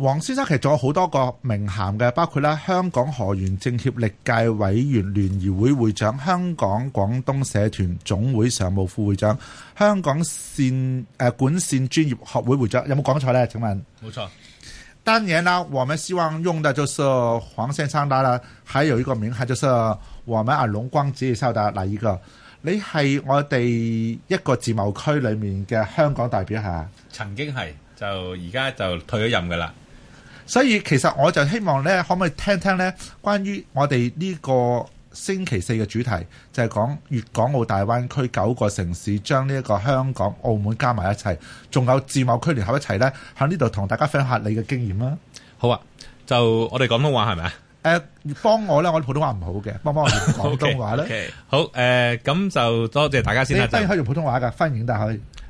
黃先生其實仲有好多個名銜嘅，包括咧香港河源政協歷屆委員聯誼會會長、香港廣東社團總會常務副會長、香港線誒、呃、管線專業學會會長，有冇講錯咧？請問冇錯。當然啦，我們希望用的就是黃先生啦。還有一個名銜就是我們阿龍光介收的嗱，一個。你係我哋一個自貿區裡面嘅香港代表嚇，曾經係，就而家就退咗任噶啦。所以其實我就希望咧，可唔可以聽聽咧？關於我哋呢個星期四嘅主題，就係、是、講粵港澳大灣區九個城市將呢一個香港、澳門加埋一齊，仲有自貿區聯合一齊咧，喺呢度同大家分享下你嘅經驗啦。好啊，就我哋廣東話係咪啊？誒、呃，幫我咧，我哋普通話唔好嘅，幫幫我講廣東話啦。 okay, okay. 好，誒、呃，咁就多謝大家你先啦。歡迎可以用普通話㗎，歡迎大家。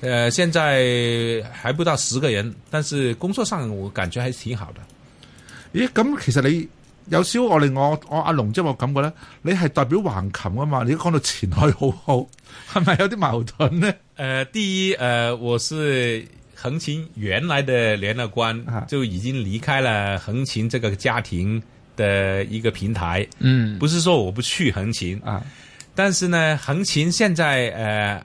呃現在還不到十個人，但是工作上我感覺還是挺好的。咦，咁、嗯、其實你有時候我令我我阿龍即係我感覺呢，你係代表橫琴噶嘛？你講到前海好好，係咪有啲矛盾呢？呃，第一呃，我是橫琴原來的聯絡官就已經離開了橫琴這個家庭的一個平台。嗯，不是說我不去橫琴啊，但是呢，橫琴現在呃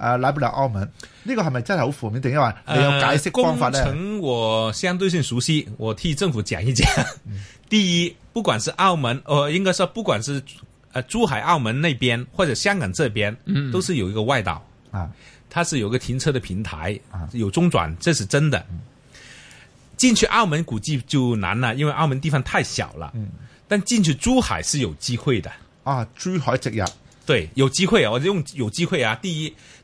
誒來不了澳門，呢、這個係咪真係好負面？點因為你有解釋方法呢、呃、工程我相對性熟悉，我替政府講一講。嗯、第一，不管是澳門，我應該說，不管是呃珠海、澳門那邊或者香港這邊，嗯，都是有一個外島啊，嗯嗯、它是有個個停車的平台啊，有中轉，這是真的。進去澳門，估計就難了，因為澳門地方太小了。嗯，但進去珠海是有機會的啊！珠海直入，對，有機會啊！我用有機會啊！第一。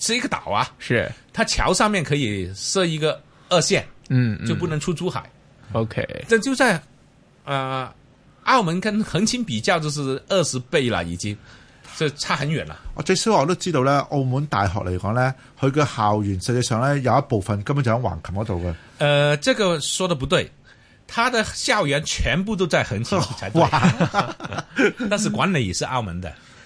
是一個島啊，是它橋上面可以設一個二線，嗯，嗯，就不能出珠海。OK，但就在啊、呃，澳門跟橫琴比較就是二十倍了，已經這差很遠了。我最少我都知道呢，澳門大學嚟講呢，佢嘅校園實際上呢，有一部分根本就喺橫琴嗰度嘅。呃，這個說得不對，它的校園全部都在橫琴才對，哇 但是管理也是澳門的。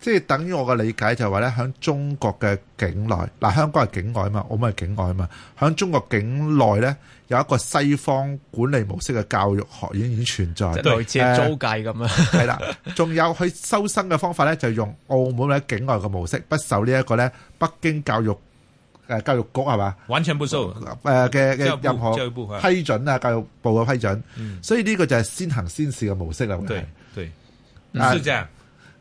即係等於我嘅理解就係話咧，喺中國嘅境內，嗱，香港係境外啊嘛，澳門係境外啊嘛，喺中國境內咧有一個西方管理模式嘅教育學院已經存在，類似租界咁樣。係啦、呃，仲 有佢收生嘅方法咧，就用澳門喺境外嘅模式，不受呢一個咧北京教育誒、呃、教育局係嘛，完全不受誒嘅、呃呃、任何批准啊，教育部嘅、啊、批准。嗯、所以呢個就係先行先試嘅模式啦、嗯實。對對，係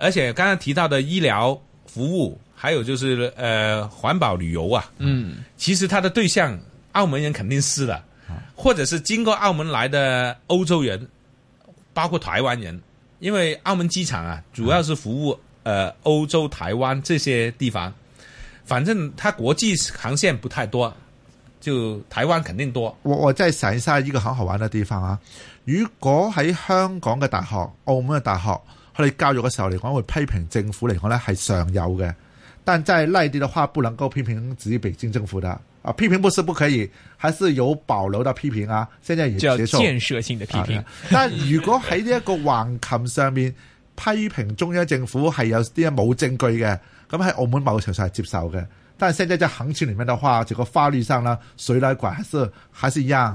而且剛剛提到的醫療服務，還有就是呃環保旅遊啊，嗯，其實它的對象澳門人肯定是的，或者是經過澳門來的歐洲人，包括台灣人，因為澳門機場啊，主要是服務呃歐洲、台灣這些地方，反正它國際航線不太多，就台灣肯定多。我我再想一下，一個很好玩的地方啊。如果喺香港嘅大學，澳門嘅大學。我哋教育嘅時候嚟講，會批評政府嚟講咧係常有嘅，但在內地嘅話不能夠批評自己北京政府的，啊，批評不是不可以，還是有保留到批評啊。現在也要接受建設性嘅批評， 但如果喺呢一個橫琴上面批評中央政府係有啲冇證據嘅，咁喺澳門某程度上係接受嘅，但係現在在橫琴裏面嘅話，就個法律上啦、誰來管還是還是一樣。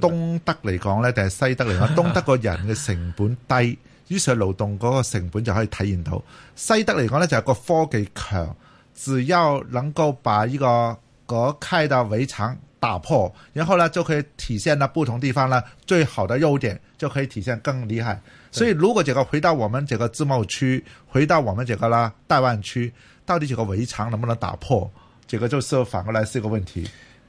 東德嚟講咧，定係西德嚟講，東德個人嘅成本低， 於是勞動嗰個成本就可以體現到。西德嚟講咧，就係、是、個科技強，只要能夠把呢個隔開的圍牆打破，然後咧就可以體現到不同地方咧最好的優點，就可以體現更厲害。所以如果這個回到我們這個自貿區，回到我們這個啦大灣區，到底這個圍牆能不能打破？這個就是反過來是一個問題。